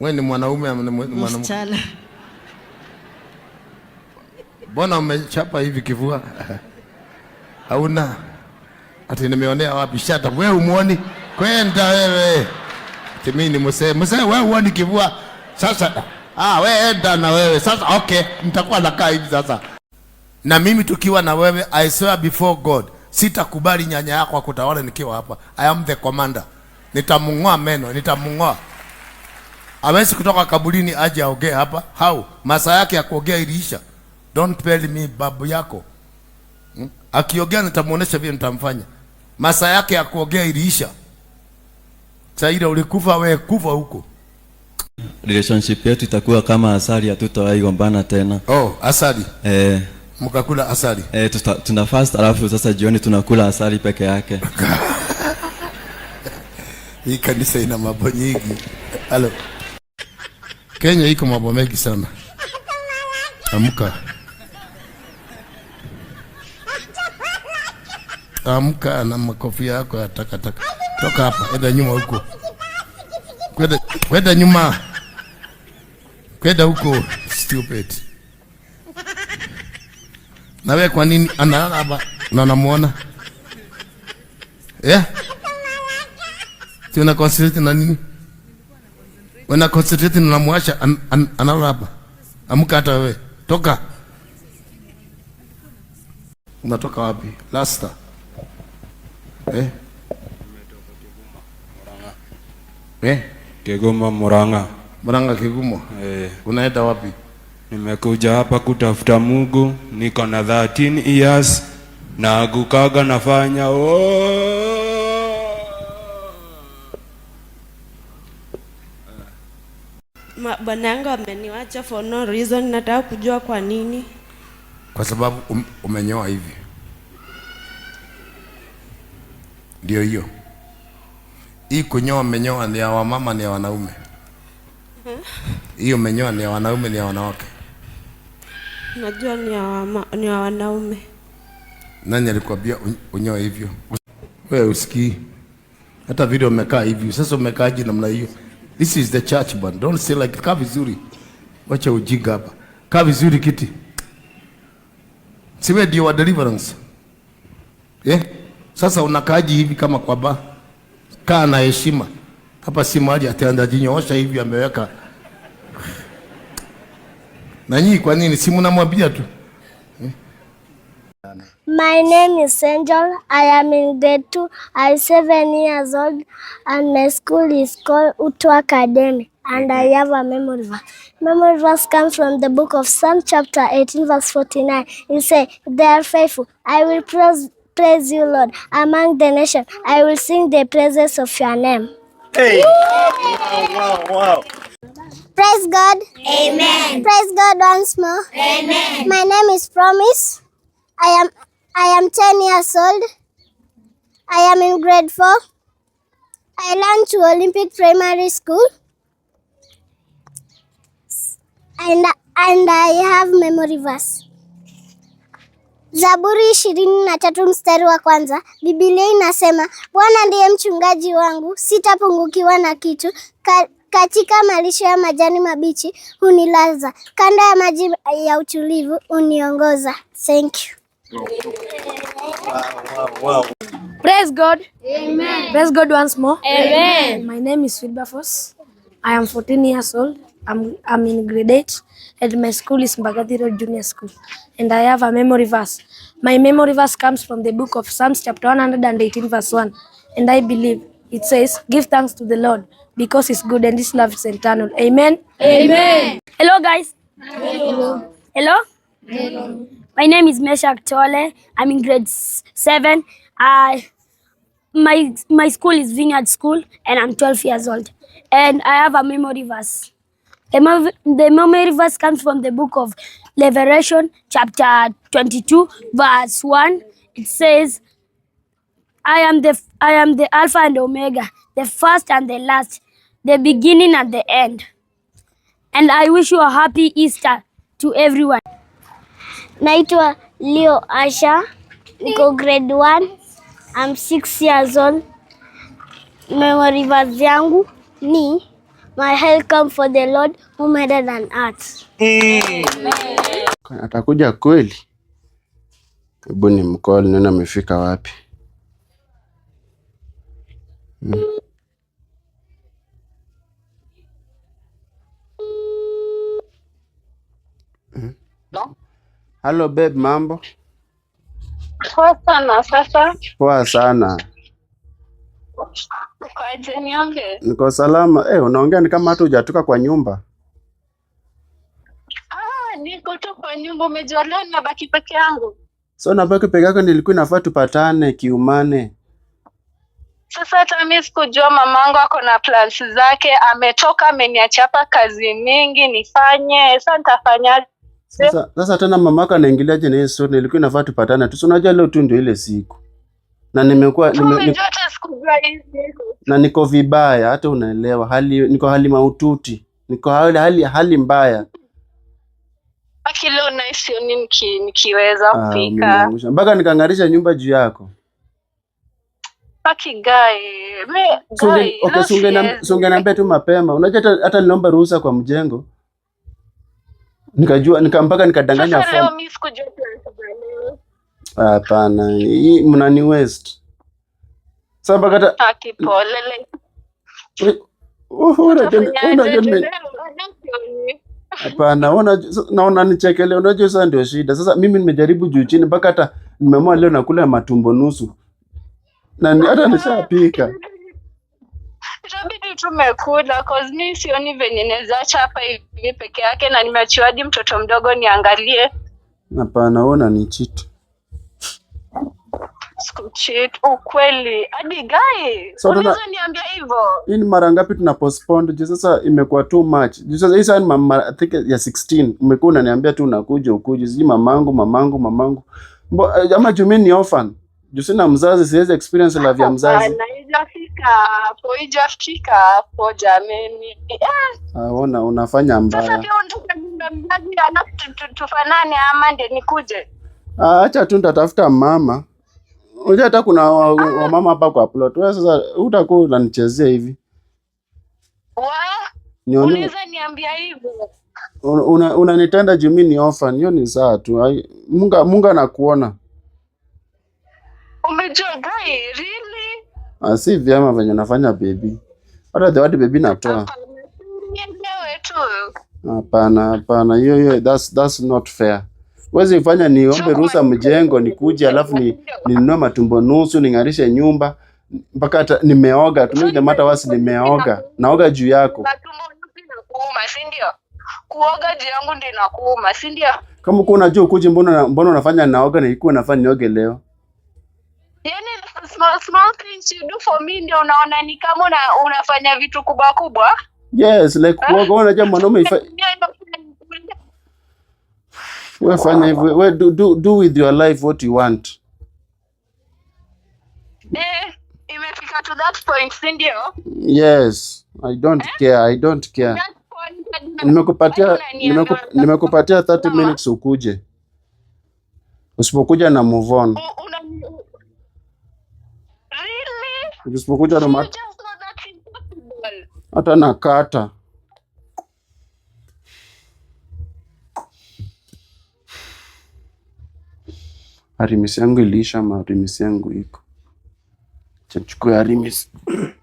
Wewe ni mwanaume mwanamke? Mbona umechapa hivi kivua? Hauna ati nimeonea wapi? Shata wewe, umuoni kwenda wewe, ati mimi ni msee msee, wewe uoni kivua? Sasa ah, wewe enda na wewe sasa. Okay, nitakuwa nakaa hivi sasa na mimi tukiwa na wewe. I swear before God, sitakubali nyanya yako akutawale nikiwa hapa. I am the commander, Nitamung'oa meno, nitamung'oa. Hawezi kutoka kaburini aje aongee hapa. How? Masaa yake ya kuongea iliisha. Don't tell me babu yako. Hmm? Akiongea nitamuonesha vile nitamfanya. Masaa yake ya kuongea iliisha. Saida ulikufa we kufa huko. Relationship yetu itakuwa kama asali, hatutawahi gombana tena. Oh, asali. Eh. Mkakula asali. Eh, tuta, tuna fast alafu sasa jioni tunakula asali peke yake. Hii kanisa ina mambo nyingi. Halo. Kenya iko mambo mengi sana. Amka, amka na makofi yako ya takataka. Toka hapa, enda nyuma huko, kwenda kwenda nyuma, kwenda huko, stupid. Na wewe kwa nini analala hapa na namuona? Eh, Yeah, Tuna una concentrate na nini? Wana concentrate na muasha an, an, analo hapa. Amka hata wewe. Toka. Unatoka wapi? Lasta. Eh? Eh? Kigoma Murang'a. Murang'a Kigoma. Eh. Unaenda wapi? Nimekuja hapa kutafuta Mungu, niko na 13 years na gukaga nafanya oh! bwana yangu ameniwacha for no reason. Nataka kujua kwa nini. Kwa sababu um, umenyoa hivi, ndio hiyo hii kunyoa. Umenyoa ni ya wamama, ni ya wanaume hiyo huh? ni ya wanaume, ni ya wanawake? Najua ni ya wama, ni ya wanaume. Nani alikwambia unyoe hivyo? Wewe usikii hata video umekaa hivi. Sasa umekaaje namna hiyo? This is the church man. Don't say like kaa vizuri. Wacha ujinga hapa. Kaa vizuri kiti. Sime ndio wa deliverance. Eh? Sasa unakaaji hivi kama kwa ba. Kaa na heshima. Hapa si mahali ataenda jinyoosha hivi ameweka. Na nyinyi kwa nini si mnamwambia tu? sana. My name is Angel. I am in grade 2. I am 7 years old and my school is called Utu Academy and I have a memory verse. Memory verse comes from the book of Psalm chapter 18 verse 49. It says, They are faithful. I will praise, praise you, Lord, among the nation. I will sing the praises of your name. Hey. Wow, wow, wow. Praise God. Amen. Praise God once more. Amen. My name is Promise am 10 years old. I am in grade 4. I learned to Olympic Primary School. And, and I have memory verse. Zaburi ishirini na tatu mstari wa kwanza. Biblia inasema, Bwana ndiye mchungaji wangu, sitapungukiwa na kitu. Ka, katika malisho ya majani mabichi hunilaza, kando ya maji ya utulivu huniongoza. Thank you. Praise God. Amen. Praise God once more. Amen. My name is Wilberforce. I am 14 years old. I'm, I'm in grade 8 and my school is Mbagathi Road Junior School. And I have a memory verse. My memory verse comes from the book of Psalms chapter 118 verse 1. And I believe it says, give thanks to the Lord because his good and his love is eternal. Amen. Amen. Hello guys. Hello. Hello. Hello. My name is Meshak Tole. I'm in grade seven. I my my school is Vineyard School, and I'm 12 years old. And I have a memory verse. The, the memory verse comes from the book of Revelation, chapter 22, verse 1. It says, "I am the I am the Alpha and Omega, the first and the last, the beginning and the end." And I wish you a happy Easter to everyone. Naitwa Leo Asha, niko grade 1. I'm 6 years old. Memory verse yangu ni My help come for the Lord who made it and Amen. Atakuja kweli? Hebu ni mkoli neno amefika wapi? Hmm. Halo babe, mambo poa sana. Sasa poa sana niko salama. Eh, unaongea ni kama hata hujatoka kwa nyumba. Ah, niko tu kwa nyumba. Umejua leo nabaki peke yangu. So nabaki peke yako, nilikuwa inafaa tupatane kiumane. Sasa hata mimi sikujua mamangu ako na plans zake, ametoka hapa, kazi mingi nifanye. Sasa nitafanyaje? Sasa, sasa tena mamako anaingiliaje na hii story? Nilikuwa inafaa tupatane tu. Unajua leo tu ndio ile siku. Na nimekuwa nime, nime, na niko vibaya hata unaelewa. Hali niko hali maututi. Niko hali hali, hali mbaya. Aki leo na sio niki nikiweza ah, kupika. Mpaka nikangarisha nyumba juu yako. Aki guy. Me guy. Okay, sungeniambia tu mapema. Unajua hata niliomba ruhusa kwa mjengo nikajua nika mpaka nikadanganya form. Hapana, hii mnani west sasa mpaka oh, Hapana, naona nichekelea. Unajua, sasa ndio shida. Sasa mimi nimejaribu juu chini mpaka hata nimeamua leo nakula matumbo nusu na hata nishapika itabidi tumekula, cause mimi sioni venye naweza acha hapa hivi ni peke yake na nimeachiwa hadi mtoto mdogo niangalie. Hapana, wewe unanichiti. Sikuchiti, ukweli. Hadi gai, niambia hivyo. Hii ni mara ngapi tuna postpone? Je, sasa imekuwa too much. Je, sasa hii sana mama I think ya 16 umekuwa unaniambia tu unakuja ukuje. Sijui mamangu, mamangu, mamangu. Mbona eh, ama jumeni ni orphan juu sina mzazi, siwezi experience love eh, ah, ya mzazi. Ona, unafanya mbaya. Acha tu nitatafuta mama. Unajua hata kuna wamama ah. hapa kwa plot. Wewe sasa utakuwa unanichezea hivi. Unaweza niambia hivyo? Unanitenda juu mimi ni orphan. Hiyo ni saa tu. Munga, Mungu anakuona. Umejua guy really? Ah, si vyama venye unafanya baby. Hata the word baby natoa. Hapana, hapana. Hiyo hiyo that's that's not fair. Wezi fanya niombe ruhusa mjengo nikuje alafu ni ninunue matumbo nusu ning'arishe nyumba mpaka hata nimeoga tu Mimi matter wasi nimeoga. Naoga juu yako. Kuoga juu yangu ndio inakuuma, si ndio? Kama uko unajua ukuje mbona mbona unafanya naoga na ilikuwa nafanya nioge leo? small, small things you do for me ndio unaona ni kama una, unafanya vitu kubwa kubwa. Yes, like eh? unajua mwanaume ifa fanya hivyo do, do, do with your life what you want. Eh, imefika to that point, si ndio? Yes, I don't eh? care, I don't care. Nimekupatia nimekupatia 30 minutes ukuje. Usipokuja na move on. na mat... hata kata harimisi yangu iliisha, maharimisi yangu iko chachukua harimisi